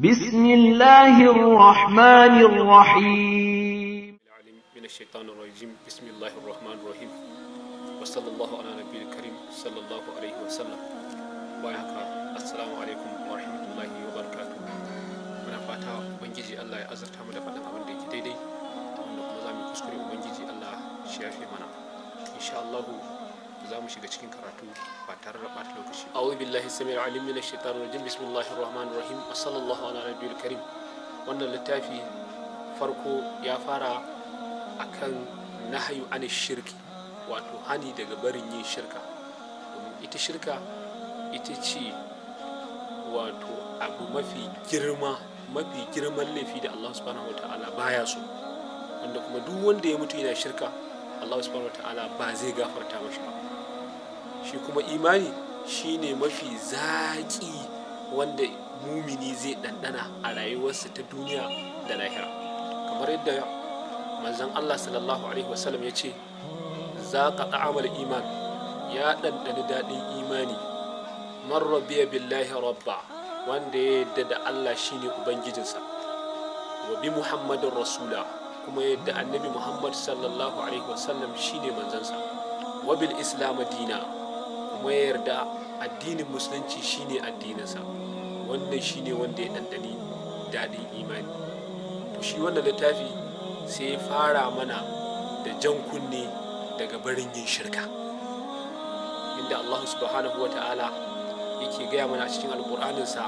بسم الله الرحمن الرحيم من الشيطان الرجيم بسم الله الرحمن الرحيم وصلى الله على نبي الكريم صلى الله عليه وسلم وعلى السلام عليكم ورحمة الله وبركاته من فاتا ubangiji Allah ya azurta mu da faɗin abin da yake daidai wanda kuma za mu kuskure ubangiji Allah shi yafe mana insha Allah za mu shiga cikin karatu ba tare da ɓata lokaci ba. A'udhu billahi sami alim min rajim bismillahir rahmanir rahim sallallahu ala nabiyil karim wannan littafi farko ya fara akan nahayu an shirki wato hani daga barin yin shirka ita shirka ita ce wato abu mafi girma mafi girman laifi da Allah subhanahu wa ta'ala baya so wanda kuma duk wanda ya mutu yana shirka Allah subhanahu wa ta'ala ba zai gafarta mashi ba shi kuma imani shine mafi zaƙi wanda mumini zai ɗanɗana a rayuwarsa ta duniya da lahira kamar yadda manzon Allah sallallahu alaihi wasallam ya ce za ka ta'amal iman ya ɗanɗani daɗin imani man rabbiya billahi rabba wanda ya yadda da Allah shine ubangijinsa wa bi muhammadin rasula kuma yadda annabi muhammad sallallahu alaihi wasallam shine manzansa wa bil islam dina kuma ya addinin musulunci shine addininsa wannan shine wanda ya ɗanɗani daɗin imani to shi wannan littafi sai ya fara mana da jan kunne daga barin yin shirka inda allahu subhanahu wa ta'ala yake gaya mana cikin alƙur'aninsa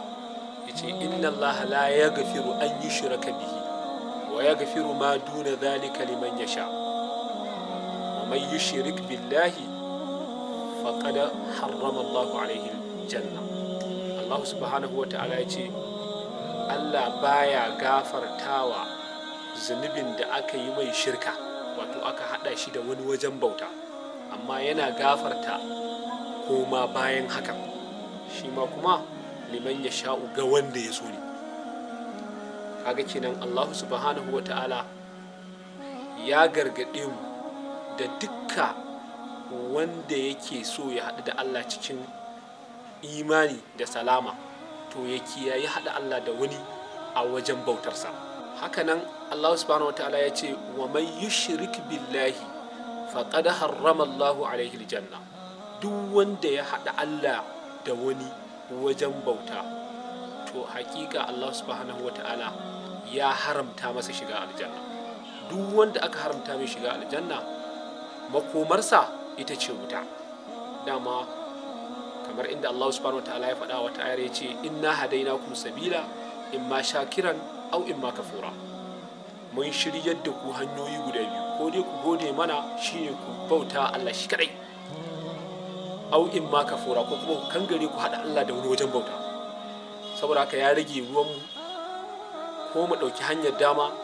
ya ce inna allah la ya gafiru an yi shirka bihi wa ya gafiru ma duna zalika liman ya sha wa man yushrik billahi faqad harrama Allah alaihi janna Allah subhanahu wata'ala ya ce Allah baya gafartawa zunubin da aka yi mai shirka wato aka hada shi da wani wajen bauta amma yana gafarta koma bayan hakan shi ma kuma liman ya sha'u ga wanda ya so ne kaga kenan Allah subhanahu ta'ala ya gargaɗe mu da duka. wanda yake so ya haɗu da Allah cikin imani da salama to ya yi haɗa Allah da wani a wajen bautarsa hakanan Allah subhanahu wa ta'ala ya ce wa man yushrik billahi faqad harrama Allah alaihi aljanna duk wanda ya haɗa Allah da wani wajen bauta to hakika Allah subhanahu wa ta'ala ya haramta masa shiga aljanna duk wanda aka haramta mai shiga aljanna makomarsa ita ce wuta dama kamar inda Allah subhanahu wa ta'ala ya faɗa wata ayar ya ce inna hadaina kum sabila in ma shakiran au in ma kafura mun shiryar da ku hanyoyi guda biyu ko dai ku gode mana shine ku bauta Allah shi kadai au in ma kafura ko kuma ku kangare ku haɗa Allah da wani wajen bauta saboda haka ya rage ruwan mu ko mu ɗauki hanyar dama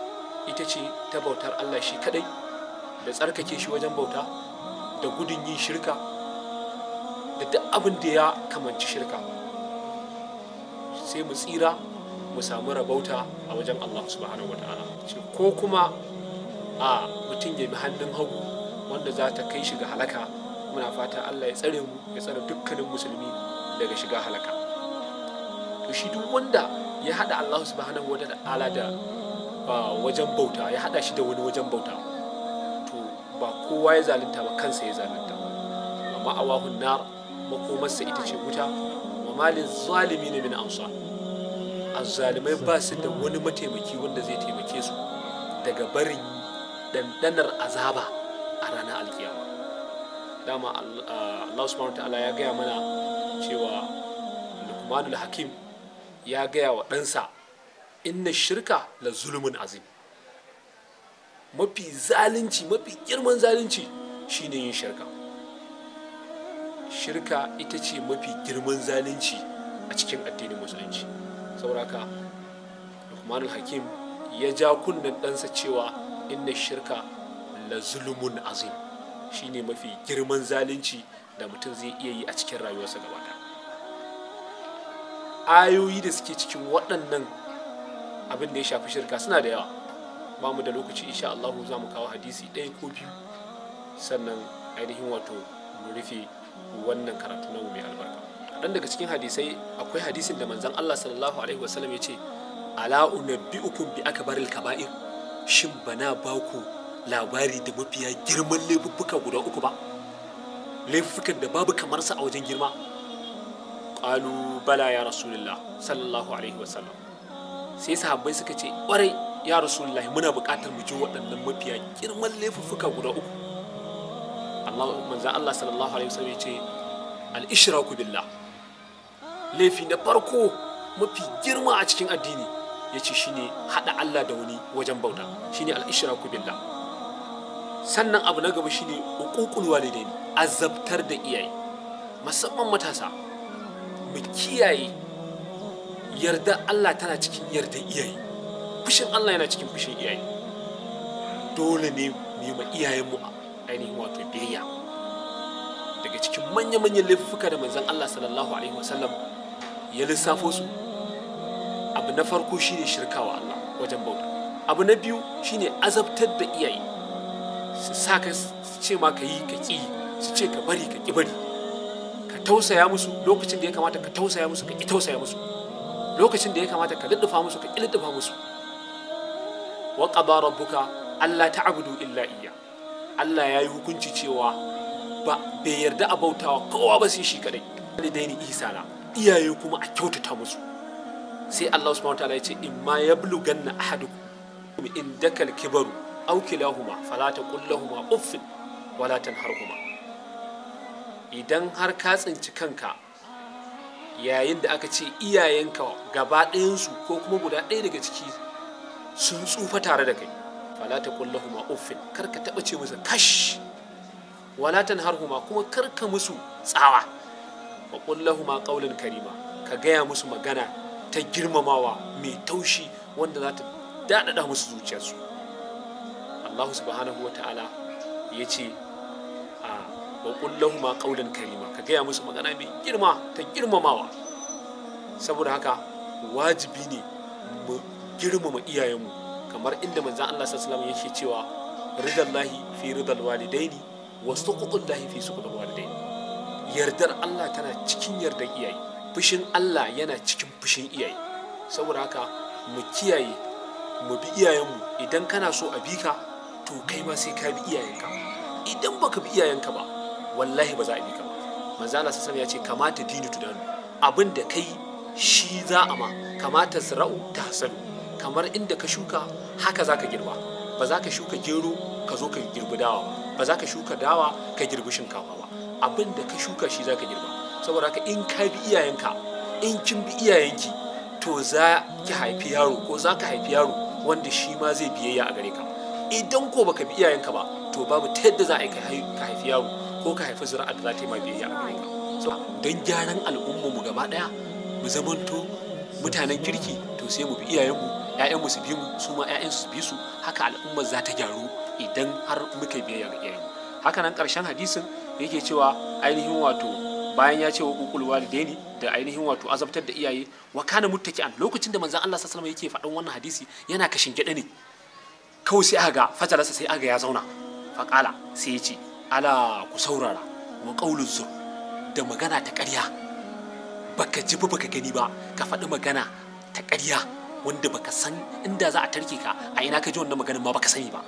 ita ce ta bautar Allah shi kadai da tsarkake shi wajen bauta da gudun yin shirka da duk abin da ya kamanci shirka sai mu tsira mu samu rabauta a wajen Allah subhanahu wata'ala ko kuma a mutum ya bi hannun hagu wanda za ta kai shiga halaka muna fata Allah ya tsare mu ya tsare dukkanin musulmi daga shiga halaka to shi duk wanda ya hada Allah subhanahu wata'ala da wajen bauta ya hada shi da wani wajen bauta ba kowa ya zalunta ba kansa ya zalunta amma awahun nar makomarsa ita ce wuta wa malin zalimi ne min amsa Azzalumai ba su da wani mataimaki wanda zai taimake su daga barin dandanar azaba a ranar alkiyama dama ah, Allah subhanahu ta'ala ya gaya mana cewa lukmanul hakim ya gaya wa ɗansa inna shirka la zulmun azim mafi zalunci mafi girman zalunci shine yin shirka shirka ita ce mafi girman zalunci a cikin addinin musulunci sauraka lukman hakim ya ja kunnen ɗansa cewa inna shirka la zulumun azim shine mafi girman zalunci da mutum zai iya yi a cikin rayuwarsa gaba ayoyi da suke cikin waɗannan abin da ya shafi shirka suna da yawa ba mu da lokaci insha Allah za mu kawo hadisi ɗaya ko biyu sannan ainihin wato mu rufe wannan karatu na mai albarka dan daga cikin hadisai akwai hadisin da manzon Allah sallallahu alaihi wasallam ya ce ala unabbiukum bi akbaril kaba'ir shin bana ba ku labari da mafiya girman laifuffuka guda uku ba laifuffukan da babu kamar sa a wajen girma qalu bala ya rasulullah sallallahu alaihi wasallam sai sahabbai suka ce kwarai ya rasulullahi muna buƙatar mu ji waɗannan mafiya girman laifuffuka guda uku Allah manzo Allah sallallahu alaihi wasallam ya ce al-ishraku billah laifi na farko mafi girma a cikin addini ya ce shine haɗa Allah da wani wajen bauta shine al-ishraku billah sannan abu na gaba shine uququl walidaini azabtar da iyaye musamman matasa mu kiyaye yarda Allah tana cikin yarda iyaye fushin Allah yana cikin fushin iyaye dole ne mu ma iyayenmu ainihin wato biyayya daga cikin manya-manyan laifuka da manzon Allah sallallahu alaihi wasallam ya lissafo su abu na farko shine shirkawa Allah wajen bauta abu na biyu shine azabtar da iyaye su sa ka ce ma ka yi ka ƙi su ce ka bari ka ƙi bari ka tausaya musu lokacin da ya kamata ka tausaya musu ka ƙi tausaya musu lokacin da ya kamata ka liddufa musu ka ƙi liddufa musu wa qada Allah ta ta'budu illa iya Allah ya yi hukunci cewa ba bai yarda a bautawa kowa ba sai shi kadai Isa na, iyaye kuma a kyautata musu sai Allah subhanahu wataala ya ce in ma na ahadukum in dakal kibaru aw kilahuma fala taqul lahumu uffin wala tanharhuma idan har ka tsinci kanka yayin da aka ce iyayenka gaba ɗayansu ko kuma guda ɗaya daga ciki sun tsufa tare da kai fala ta kullahuma uffin kar taba ce musu kash wala tanharhuma kuma kar ka musu tsawa wa kullahuma qawlan karima ka gaya musu magana ta girmamawa mai taushi wanda za ta daɗaɗa musu zuciyarsu Allah subhanahu wa ta'ala ya ce a wa kullahuma qawlan karima ka gaya musu magana mai girma ta girmamawa saboda haka wajibi ne girmama iyayenmu kamar inda manzan Allah sallallahu alaihi yake cewa ridallahi fi ridal walidaini wa suqutullahi fi suqutul walidaini yardar Allah tana cikin yardar iyaye fushin Allah yana cikin fushin iyaye saboda haka mu kiyaye mu bi iyayenmu idan kana so a bi ka to kai ma sai ka bi iyayenka idan baka bi iyayenka ba wallahi ba za a bi ka ba Allah sallallahu ya ce kamata dinu tudanu abin da kai shi za a ma kamata sira'u ta hasanu kamar inda ka shuka haka za ka girba ba za ka shuka gero ka zo ka girbi dawa ba za ka shuka dawa ka girbi shinkafa ba abin da ka shuka shi za ka girba saboda ka in ka bi iyayenka in kin bi iyayenki to za ki haifi yaro ko za ka haifi yaro wanda shi ma zai biyayya a gare ka idan ko baka bi iyayenka ba to babu ta yadda za a yi ka haifi yaro ko ka haifi zura'a da za ta yi ma biyayya a gare ka don gyaran al'ummarmu gaba daya mu zamanto mutanen kirki to sai mu bi iyayenmu ‘ya'yanmu su bi mu su ma ‘ya'yansu su bi su haka al'ummar za ta gyaru idan har muka biya ga iyayen haka nan ƙarshen hadisin yake cewa ainihin wato bayan ya ce wa kukul walidaini da ainihin wato azabtar da iyaye wa kana muttaki'an lokacin da manzon Allah sallallahu alaihi yake faɗin wannan hadisi yana kashin gida ne kawai sai aga fatarsa sai aga ya zauna faƙala sai ya ce ala ku saurara wa qaulun zur da magana ta ƙarya baka ji baka gani ba ka faɗi magana ta ƙarya wanda baka san inda za a tarke ka a ina ka ji wannan maganin ma baka sani ba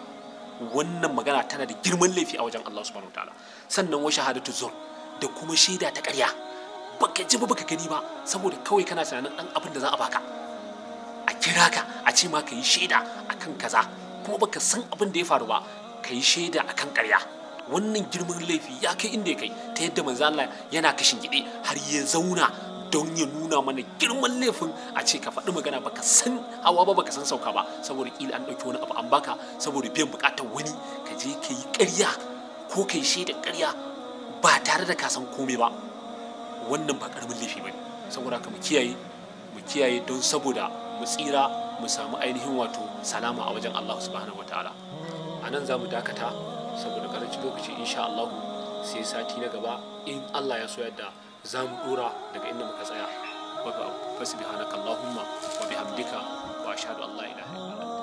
wannan magana tana da girman laifi a wajen Allah subhanahu wataala sannan wa shahadatu zur da kuma shaida ta ƙarya baka ji ba baka gani ba saboda kawai kana tunanin ɗan abin da za a baka a kira ka a ce ma ka yi shaida akan kaza kuma baka san abin da ya faru ba ka yi shaida akan ƙarya wannan girman laifi ya kai inda ya kai ta yadda manzo Allah yana kashin gide har ya zauna don ya nuna mana girman laifin a ce ka faɗi magana baka san hawa ba baka san sauka ba saboda ƙila an ɗauki wani abu an baka saboda biyan buƙatar wani ka je ka yi ƙarya ko ka yi shaida ƙarya ba tare da ka san komai ba wannan ba ƙaramin laifi ba ne saboda haka mu kiyaye mu kiyaye don saboda mu tsira mu samu ainihin wato salama a wajen Allah subhanahu wataala a nan za mu dakata saboda ƙarancin lokaci insha Allah sai sati na gaba in Allah ya so yadda za mu dora daga inda muka tsaya wa bi subhanakallahumma wa bihamdika wa ashhadu an la ilaha illa anta